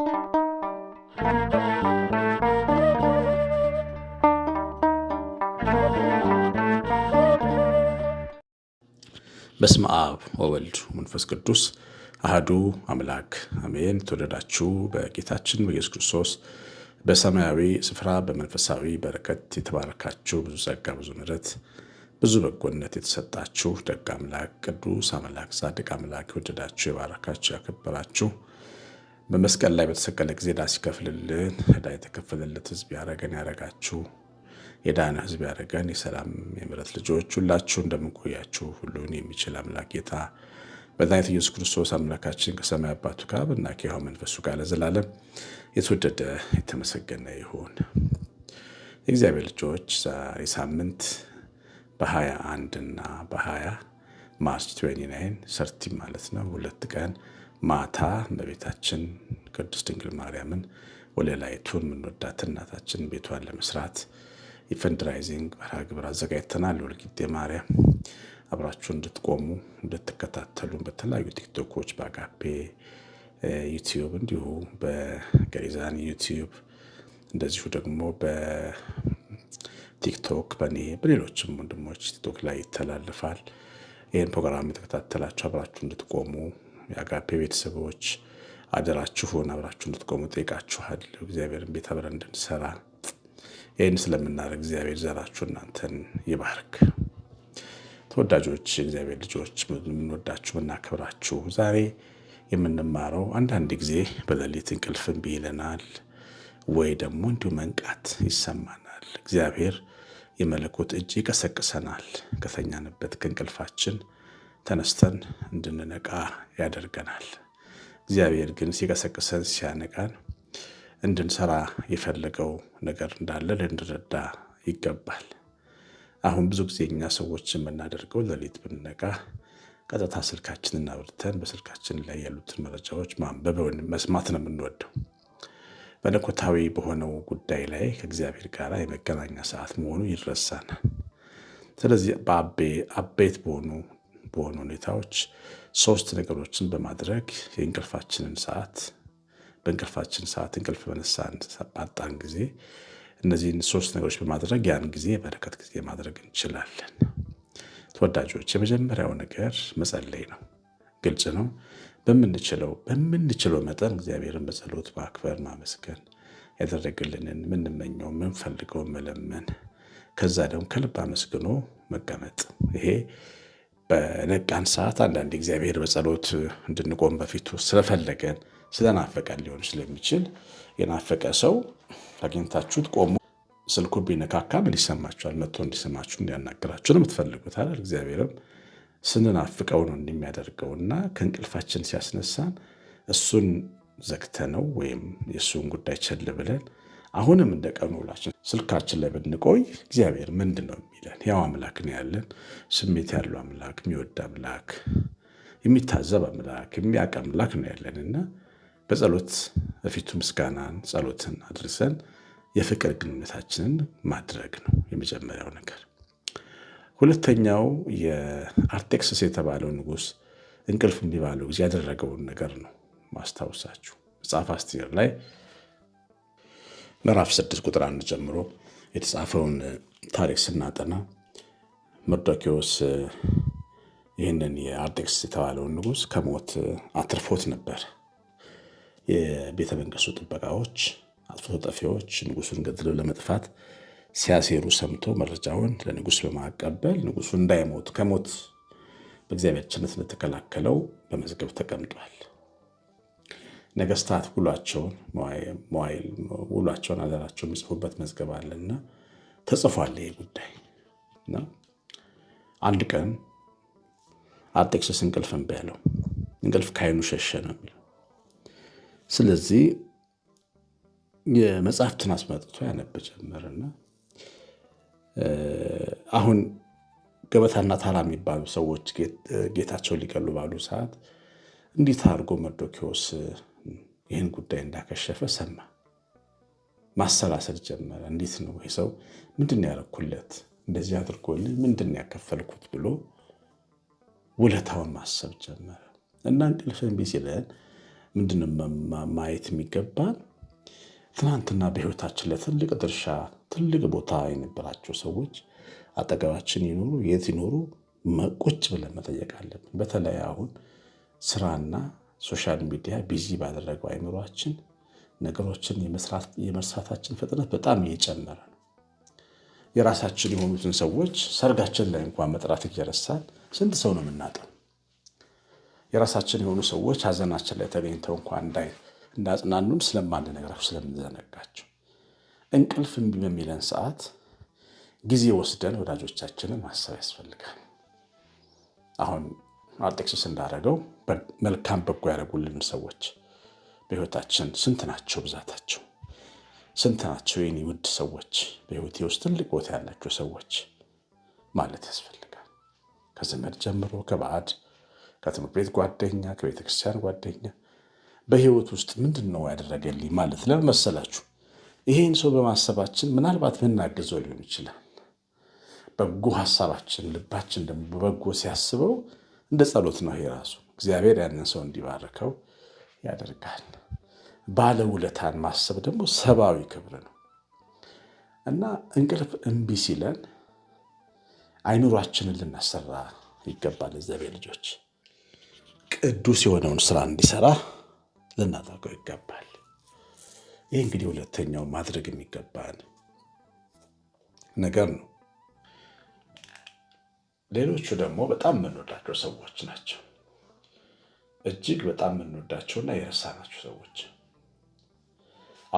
በስመ አብ ወወልድ መንፈስ ቅዱስ አህዱ አምላክ አሜን። ተወደዳችሁ በጌታችን በኢየሱስ ክርስቶስ በሰማያዊ ስፍራ በመንፈሳዊ በረከት የተባረካችሁ ብዙ ጸጋ፣ ብዙ ምሕረት፣ ብዙ በጎነት የተሰጣችሁ ደግ አምላክ፣ ቅዱስ አምላክ፣ ጻድቅ አምላክ የወደዳችሁ የባረካችሁ ያከበራችሁ በመስቀል ላይ በተሰቀለ ጊዜ ዕዳ ሲከፍልልን ዕዳ የተከፈለለት ህዝብ ያረገን ያረጋችሁ የዳነ ህዝብ ያደረገን የሰላም የምሕረት ልጆች ሁላችሁ እንደምንቆያችሁ ሁሉን የሚችል አምላክ ጌታ መድኃኒታችን ኢየሱስ ክርስቶስ አምላካችን ከሰማይ አባቱ ጋር እና ከሕያው መንፈሱ ጋር ለዘላለም የተወደደ የተመሰገነ ይሁን። የእግዚአብሔር ልጆች ዛሬ ሳምንት በሀያ አንድ እና በሀያ ማርች 29 ሰርቲ ማለት ነው ሁለት ቀን ማታ እመቤታችን ቅድስት ድንግል ማርያምን ወለላይቱን የምንወዳት እናታችን ቤቷን ለመስራት የፈንድራይዚንግ መርሃ ግብር አዘጋጅተናል። ወልጊዜ ማርያም አብራችሁ እንድትቆሙ እንድትከታተሉን በተለያዩ ቲክቶኮች፣ በአጋፔ ዩቲዩብ፣ እንዲሁ በገሪዛን ዩቲዩብ እንደዚሁ ደግሞ በቲክቶክ በኔ በሌሎችም ወንድሞች ቲክቶክ ላይ ይተላልፋል። ይህን ፕሮግራም የተከታተላችሁ አብራችሁ እንድትቆሙ የአጋፔ ቤተሰቦች አደራችሁን አብራችሁ እንድትቆሙ ጠይቃችኋል። እግዚአብሔርን ቤት አብረን እንድንሰራ ይህን ስለምናደርግ እግዚአብሔር ዘራችሁ እናንተን ይባርክ። ተወዳጆች እግዚአብሔር ልጆች፣ የምንወዳችሁ የምናከብራችሁ፣ ዛሬ የምንማረው አንዳንድ ጊዜ በሌሊት እንቅልፍ እምቢ ይለናል፣ ወይ ደግሞ እንዲሁ መንቃት ይሰማናል። እግዚአብሔር የመለኮት እጅ ይቀሰቅሰናል ከተኛንበት ከእንቅልፋችን ተነስተን እንድንነቃ ያደርገናል። እግዚአብሔር ግን ሲቀሰቅሰን ሲያነቃን እንድንሰራ የፈለገው ነገር እንዳለ ልንረዳ ይገባል። አሁን ብዙ ጊዜ እኛ ሰዎች የምናደርገው ሌሊት ብንነቃ ቀጥታ ስልካችንን አብርተን በስልካችን ላይ ያሉትን መረጃዎች ማንበብ ወይም መስማት ነው የምንወደው። መለኮታዊ በሆነው ጉዳይ ላይ ከእግዚአብሔር ጋር የመገናኛ ሰዓት መሆኑ ይረሳናል። ስለዚህ በአቤት በሆኑ በሆኑ ሁኔታዎች ሶስት ነገሮችን በማድረግ የእንቅልፋችንን ሰዓት በእንቅልፋችን ሰዓት እንቅልፍ በነሳን ባጣን ጊዜ እነዚህን ሶስት ነገሮች በማድረግ ያን ጊዜ የበረከት ጊዜ ማድረግ እንችላለን። ተወዳጆች የመጀመሪያው ነገር መጸለይ ነው። ግልጽ ነው። በምንችለው በምንችለው መጠን እግዚአብሔርን በጸሎት ማክበር፣ ማመስገን፣ ያደረግልንን የምንመኘው የምንፈልገው መለመን፣ ከዛ ደግሞ ከልብ አመስግኖ መቀመጥ ይሄ በነቃን ሰዓት አንዳንድ እግዚአብሔር በጸሎት እንድንቆም በፊቱ ስለፈለገን ስለናፈቀን ሊሆን ስለሚችል የናፈቀ ሰው አግኝታችሁት ቆሙ ስልኩ ቢነካካ ምን ይሰማችኋል? መጥቶ እንዲሰማችሁ እንዲያናግራችሁ ነው የምትፈልጉት አይደል? እግዚአብሔርም ስንናፍቀው ነው እንደሚያደርገው እና ከእንቅልፋችን ሲያስነሳን እሱን ዘግተነው ወይም የእሱን ጉዳይ ቸል ብለን አሁንም እንደ ቀኑ ውላችን ስልካችን ላይ ብንቆይ እግዚአብሔር ምንድን ነው የሚለን? ያው አምላክ ነው ያለን። ስሜት ያለው አምላክ፣ የሚወድ አምላክ፣ የሚታዘብ አምላክ፣ የሚያውቅ አምላክ ነው ያለን እና በጸሎት በፊቱ ምስጋናን ጸሎትን አድርሰን የፍቅር ግንኙነታችንን ማድረግ ነው የመጀመሪያው ነገር። ሁለተኛው የአርጤክስስ የተባለው ንጉስ እንቅልፍ እንዲህ ጊዜ ያደረገውን ነገር ነው ማስታወሳችሁ መጽሐፍ አስቴር ላይ ምዕራፍ 6 ቁጥር አንድ ጀምሮ የተጻፈውን ታሪክ ስናጠና መርዶኪዎስ ይህንን የአርጤክስ የተባለውን ንጉስ ከሞት አትርፎት ነበር። የቤተ መንግስቱ ጥበቃዎች፣ አጥፍቶ ጠፊዎች ንጉሱን ገድለው ለመጥፋት ሲያሴሩ ሰምቶ መረጃውን ለንጉስ በማቀበል ንጉሱ እንዳይሞት ከሞት በእግዚአብሔር ቸርነት እንደተከላከለው በመዝገብ ተቀምጧል። ነገስታት ውሏቸውን መዋይል ውሏቸውን አዘራቸው የሚጽፉበት መዝገብ አለና ተጽፏል። ይህ ጉዳይ አንድ ቀን አርጤክስስ እንቅልፍ እምቢ እንቅልፍ ከዓይኑ ሸሸ ነው የሚለው። ስለዚህ የመጽሐፍትን አስመጥቶ ያነብ ጀመርና አሁን ገበታና ታራ የሚባሉ ሰዎች ጌታቸውን ሊገሉ ባሉ ሰዓት እንዲት አድርጎ መርዶኪዎስ ይህን ጉዳይ እንዳከሸፈ ሰማ። ማሰላሰል ጀመረ። እንዴት ነው ይህ ሰው ምንድን ያደረኩለት እንደዚህ አድርጎልኝ ምንድን ያከፈልኩት ብሎ ውለታውን ማሰብ ጀመረ እና እንቅልፍ እምቢ ሲለን ምንድን ማየት የሚገባ ትናንትና በህይወታችን ለትልቅ ድርሻ ትልቅ ቦታ የነበራቸው ሰዎች አጠገባችን ይኖሩ የት ይኖሩ ቁጭ ብለን መጠየቅ አለብን። በተለይ አሁን ስራና ሶሻል ሚዲያ ቢዚ ባደረገው አይምሯችን ነገሮችን የመርሳታችን ፍጥነት በጣም እየጨመረ ነው። የራሳችን የሆኑትን ሰዎች ሰርጋችን ላይ እንኳን መጥራት እየረሳን ስንት ሰው ነው የምናጠው? የራሳችን የሆኑ ሰዎች ሀዘናችን ላይ ተገኝተው እንኳን እንዳጽናኑን ስለማንነግራቸው ስለምንዘነጋቸው እንቅልፍ እምቢ በሚለን ሰዓት ጊዜ ወስደን ወዳጆቻችንን ማሰብ ያስፈልጋል። አሁን አርጤክስስ እንዳደረገው መልካም በጎ ያደረጉልን ሰዎች በህይወታችን ስንት ናቸው? ብዛታቸው ስንት ናቸው? የኔ ውድ ሰዎች በህይወቴ ውስጥ ትልቅ ቦታ ያላቸው ሰዎች ማለት ያስፈልጋል። ከዘመድ ጀምሮ፣ ከባዕድ፣ ከትምህርት ቤት ጓደኛ፣ ከቤተክርስቲያን ጓደኛ በህይወት ውስጥ ምንድን ነው ያደረገልኝ ማለት ለምን መሰላችሁ? ይሄን ሰው በማሰባችን ምናልባት ምናግዘው ሊሆን ይችላል። በጎ ሀሳባችን ልባችን ደግሞ በበጎ ሲያስበው እንደ ጸሎት ነው ይሄ ራሱ እግዚአብሔር ያንን ሰው እንዲባርከው ያደርጋል። ባለውለታን ማሰብ ደግሞ ሰብአዊ ክብር ነው እና እንቅልፍ እምቢ ሲለን አይኑሯችንን ልናሰራ ይገባል። እግዚአብሔር ልጆች ቅዱስ የሆነውን ስራ እንዲሰራ ልናደርገው ይገባል። ይህ እንግዲህ ሁለተኛው ማድረግ የሚገባን ነገር ነው። ሌሎቹ ደግሞ በጣም የምንወዳቸው ሰዎች ናቸው። እጅግ በጣም የምንወዳቸውና የረሳናቸው ሰዎች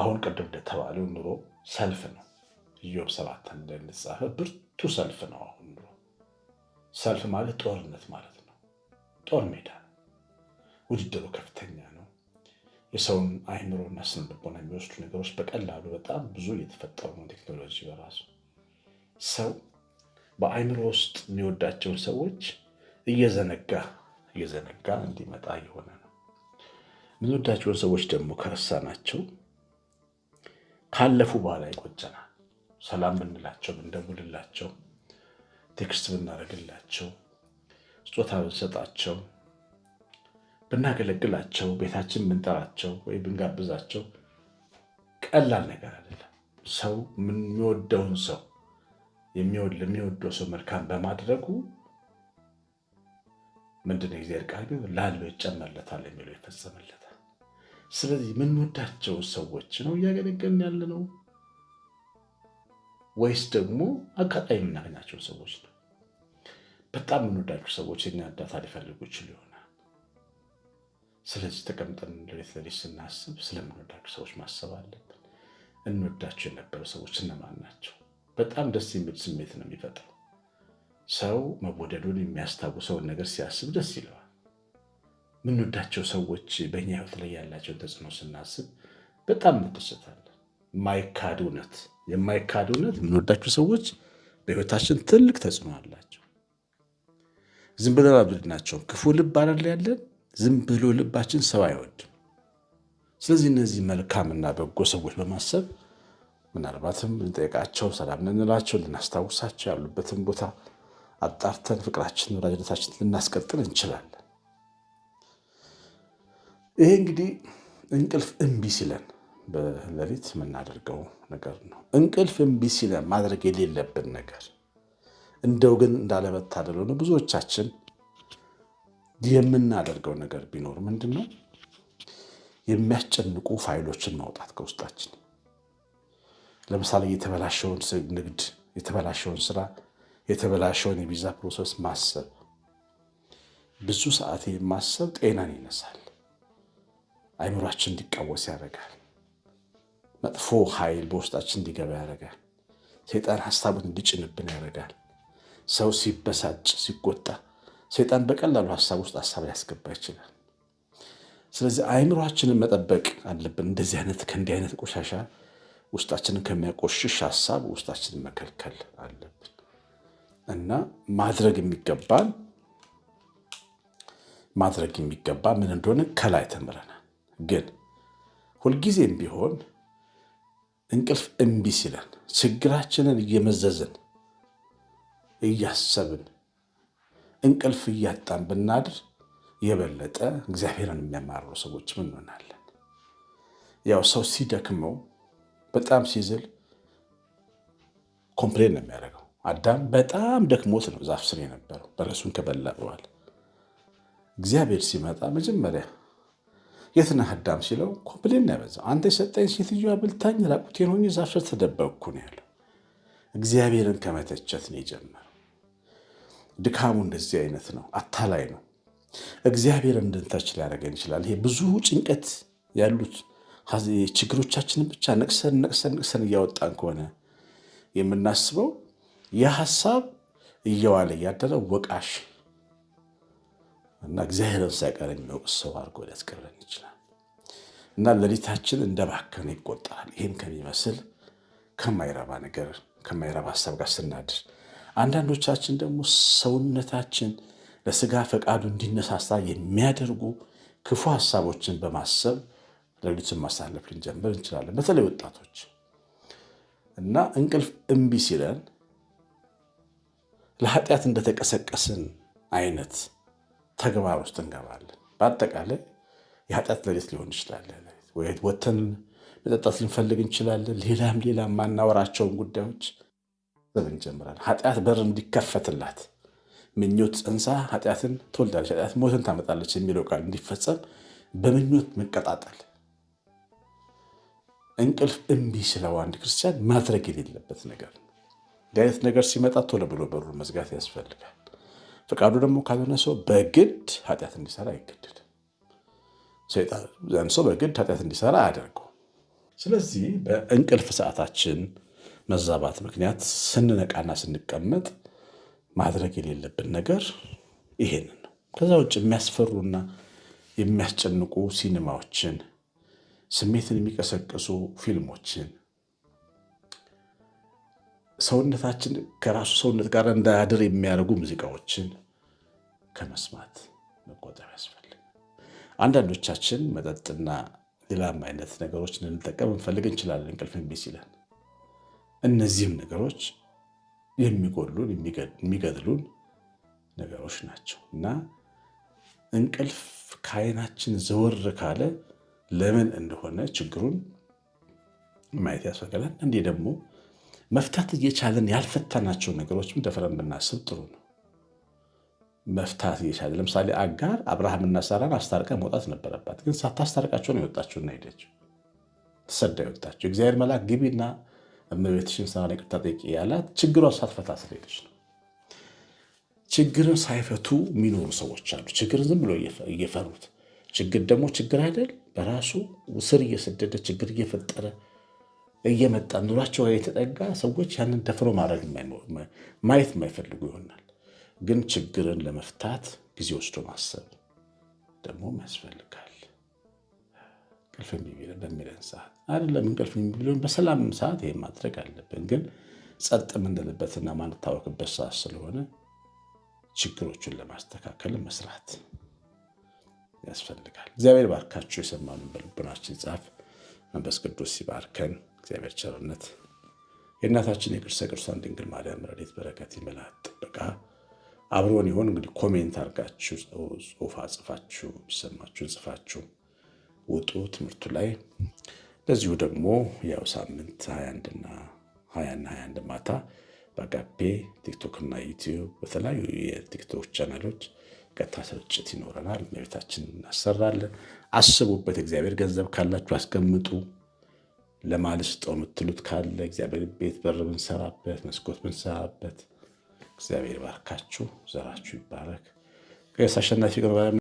አሁን ቅድም እንደተባለው ኑሮ ሰልፍ ነው። እዮብ ሰባት እንደተጻፈ ብርቱ ሰልፍ ነው። አሁን ኑሮ ሰልፍ ማለት ጦርነት ማለት ነው። ጦር ሜዳ ውድድሩ ከፍተኛ ነው። የሰውን አይምሮና ስነ ልቦና የሚወስዱ ነገሮች በቀላሉ በጣም ብዙ እየተፈጠሩ ነው። ቴክኖሎጂ በራሱ ሰው በአይምሮ ውስጥ የሚወዳቸውን ሰዎች እየዘነጋ እየዘነጋ እንዲመጣ እየሆነ ነው። የምንወዳቸውን ሰዎች ደግሞ ከረሳናቸው ካለፉ በኋላ ይቆጨናል። ሰላም ብንላቸው፣ ብንደውልላቸው፣ ቴክስት ብናደርግላቸው፣ ስጦታ ብንሰጣቸው፣ ብናገለግላቸው፣ ቤታችን ብንጠራቸው ወይ ብንጋብዛቸው ቀላል ነገር አይደለም። ሰው የሚወደውን ሰው ለሚወደው ሰው መልካም በማድረጉ ምንድን የእግዚአብሔር ቃል ቢሆን ላለው ይጨመርለታል የሚለው ይፈጸምለታል። ስለዚህ የምንወዳቸው ሰዎች ነው እያገለገልን ያለ ነው ወይስ ደግሞ አጋጣሚ የምናገኛቸው ሰዎች ነው? በጣም የምንወዳቸው ሰዎች የኛ እርዳታ ሊፈልጉ ይችሉ ይሆናል። ስለዚህ ተቀምጠን ሌት ስናስብ ስለምንወዳቸው ሰዎች ማሰብ አለብን። እንወዳቸው የነበሩ ሰዎች እነማን ናቸው? በጣም ደስ የሚል ስሜት ነው የሚፈጥረው። ሰው መወደዱን የሚያስታውሰውን ነገር ሲያስብ ደስ ይለዋል። የምንወዳቸው ሰዎች በእኛ ህይወት ላይ ያላቸውን ተጽዕኖ ስናስብ በጣም እንደሰታለን። የማይካድ እውነት የማይካድ እውነት የምንወዳቸው ሰዎች በህይወታችን ትልቅ ተጽዕኖ አላቸው። ዝም ብለን አብድናቸውም ክፉ ልብ አላለ ያለን ዝም ብሎ ልባችን ሰው አይወድም። ስለዚህ እነዚህ መልካምና በጎ ሰዎች በማሰብ ምናልባትም ልንጠይቃቸው፣ ሰላም ልንላቸው፣ ልናስታውሳቸው ያሉበትን ቦታ አጣርተን ፍቅራችንን ወዳጅነታችንን ልናስቀጥል እንችላለን። ይሄ እንግዲህ እንቅልፍ እምቢ ሲለን በሌሊት የምናደርገው ነገር ነው። እንቅልፍ እምቢ ሲለን ማድረግ የሌለብን ነገር እንደው ግን እንዳለመታደል ሆነ ብዙዎቻችን የምናደርገው ነገር ቢኖር ምንድን ነው? የሚያስጨንቁ ፋይሎችን ማውጣት ከውስጣችን ለምሳሌ የተበላሸውን ንግድ፣ የተበላሸውን ስራ የተበላሸውን የቪዛ ፕሮሰስ ማሰብ፣ ብዙ ሰዓት ማሰብ ጤናን ይነሳል፣ አይምሯችን እንዲቃወስ ያደርጋል። መጥፎ ኃይል በውስጣችን እንዲገባ ያደርጋል። ሰይጣን ሀሳቡን እንዲጭንብን ያደርጋል። ሰው ሲበሳጭ፣ ሲቆጣ ሰይጣን በቀላሉ ሀሳብ ውስጥ ሀሳብ ሊያስገባ ይችላል። ስለዚህ አይምሯችንን መጠበቅ አለብን። እንደዚህ አይነት ከእንዲህ አይነት ቆሻሻ ውስጣችንን ከሚያቆሽሽ ሀሳብ ውስጣችንን መከልከል አለብን። እና ማድረግ የሚገባን ማድረግ የሚገባ ምን እንደሆነ ከላይ ተምረናል። ግን ሁልጊዜም ቢሆን እንቅልፍ እምቢ ሲለን ችግራችንን እየመዘዝን እያሰብን እንቅልፍ እያጣን ብናድር የበለጠ እግዚአብሔርን የሚያማርሩ ሰዎች ምን እንሆናለን? ያው ሰው ሲደክመው በጣም ሲዝል ኮምፕሌን ነው የሚያደርገው አዳም በጣም ደክሞት ነው ዛፍ ስር የነበረው በረሱን ከበላ በኋላ። እግዚአብሔር ሲመጣ መጀመሪያ የት ነህ አዳም ሲለው ኮምፕሌን ያበዛው አንተ የሰጠኝ ሴትዮዋ ብልታኝ ራቁቴን ሆኜ ዛፍ ስር ተደበቅኩ ነው ያለው። እግዚአብሔርን ከመተቸት ነው የጀመረው። ድካሙ እንደዚህ አይነት ነው፣ አታላይ ነው። እግዚአብሔር እንድንተች ሊያደርገን ይችላል። ይሄ ብዙ ጭንቀት ያሉት ችግሮቻችንን ብቻ ነቅሰን ነቅሰን ነቅሰን እያወጣን ከሆነ የምናስበው የሀሳብ እየዋለ እያደረ ወቃሽ እና እግዚአብሔርን ሳይቀር የሚወቅስ ሰው አድርጎ ሊያስቀረን ይችላል እና ሌሊታችን እንደባከነ ይቆጠራል። ይህን ከሚመስል ከማይረባ ነገር ከማይረባ ሀሳብ ጋር ስናድር፣ አንዳንዶቻችን ደግሞ ሰውነታችን ለስጋ ፈቃዱ እንዲነሳሳ የሚያደርጉ ክፉ ሀሳቦችን በማሰብ ሌሊቱን ማሳለፍ ልንጀምር እንችላለን። በተለይ ወጣቶች እና እንቅልፍ እምቢ ሲለን ለኃጢአት እንደተቀሰቀስን አይነት ተግባር ውስጥ እንገባለን። በአጠቃላይ የኃጢአት ለሌት ሊሆን ይችላል። ወተን መጠጣት ልንፈልግ እንችላለን። ሌላም ሌላ ማናወራቸውን ጉዳዮች ዘብን እንጀምራለን። ኃጢአት በር እንዲከፈትላት ምኞት ፀንሳ ኃጢአትን ትወልዳለች፣ ኃጢአት ሞትን ታመጣለች የሚለው ቃል እንዲፈጸም በምኞት መቀጣጠል እንቅልፍ እምቢ ስለው አንድ ክርስቲያን ማድረግ የሌለበት ነገር ነው። እንዲህ አይነት ነገር ሲመጣ ቶሎ ብሎ በሩን መዝጋት ያስፈልጋል። ፈቃዱ ደግሞ ካልሆነ ሰው በግድ ኃጢአት እንዲሰራ አይገድድ። ሰይጣን ሰው በግድ ኃጢአት እንዲሰራ አያደርገው። ስለዚህ በእንቅልፍ ሰዓታችን መዛባት ምክንያት ስንነቃና ስንቀመጥ ማድረግ የሌለብን ነገር ይሄንን ነው። ከዛ ውጭ የሚያስፈሩና የሚያስጨንቁ ሲኒማዎችን፣ ስሜትን የሚቀሰቅሱ ፊልሞችን ሰውነታችን ከራሱ ሰውነት ጋር እንዳያድር የሚያደርጉ ሙዚቃዎችን ከመስማት መቆጠብ ያስፈልግ። አንዳንዶቻችን መጠጥና ሌላም አይነት ነገሮች ልንጠቀም እንፈልግ እንችላለን፣ እንቅልፍ እምቢ ሲለን። እነዚህም ነገሮች የሚጎሉን የሚገድሉን ነገሮች ናቸው እና እንቅልፍ ከአይናችን ዘወር ካለ ለምን እንደሆነ ችግሩን ማየት ያስፈልጋል። እንዲህ ደግሞ መፍታት እየቻለን ያልፈታናቸው ነገሮችም ደፈረን ብናስብ ጥሩ ነው። መፍታት እየቻለ ለምሳሌ አጋር አብርሃምና ሳራን አስታርቃ መውጣት ነበረባት፣ ግን ሳታስታርቃቸው ነው የወጣችውና ሄደችው። ተሰዳ የወጣችው እግዚአብሔር መልአክ ግቢና እመቤትሽን ሳራን ይቅርታ ጠይቂ ያላት ችግሯን ሳትፈታ ስለሄደች ነው። ችግርን ሳይፈቱ የሚኖሩ ሰዎች አሉ። ችግርን ዝም ብሎ እየፈሩት ችግር ደግሞ ችግር አይደል በራሱ ስር እየሰደደ ችግር እየፈጠረ እየመጣ ኑሯቸው የተጠጋ ሰዎች ያንን ደፍሮ ማድረግ ማየት የማይፈልጉ ይሆናል። ግን ችግርን ለመፍታት ጊዜ ወስዶ ማሰብ ደግሞ ያስፈልጋል። እንቅልፍ በሚለን ሰዓት አይደለም እንቅልፍ የሚለን በሰላም ሰዓት ይህ ማድረግ አለብን። ግን ጸጥ የምንልበትና ማንታወቅበት ሰዓት ስለሆነ ችግሮቹን ለማስተካከል መስራት ያስፈልጋል። እግዚአብሔር ባርካችሁ የሰማነውን በልቡናችን ጻፍ። መንፈስ ቅዱስ ሲባርከን እግዚአብሔር ቸርነት የእናታችን የቅድስተ ቅዱሳን ድንግል ማርያም ረድኤት በረከት ይመላት ጥበቃ አብሮን ይሆን። እንግዲህ ኮሜንት አድርጋችሁ ጽሁፍ አጽፋችሁ የሚሰማችሁን ጽፋችሁ ውጡ ትምህርቱ ላይ። ለዚሁ ደግሞ ያው ሳምንት 21ና 21 ማታ በአጋፔ ቲክቶክ እና ዩቲዩብ በተለያዩ የቲክቶክ ቻናሎች ቀጥታ ስርጭት ይኖረናል። እመቤታችን እናሰራለን። አስቡበት። እግዚአብሔር ገንዘብ ካላችሁ አስቀምጡ። ለማልስጠው የምትሉት ካለ እግዚአብሔር ቤት በር ብንሰራበት መስኮት ብንሰራበት እግዚአብሔር ባርካችሁ፣ ዘራችሁ ይባረክ። ቀሲስ አሸናፊ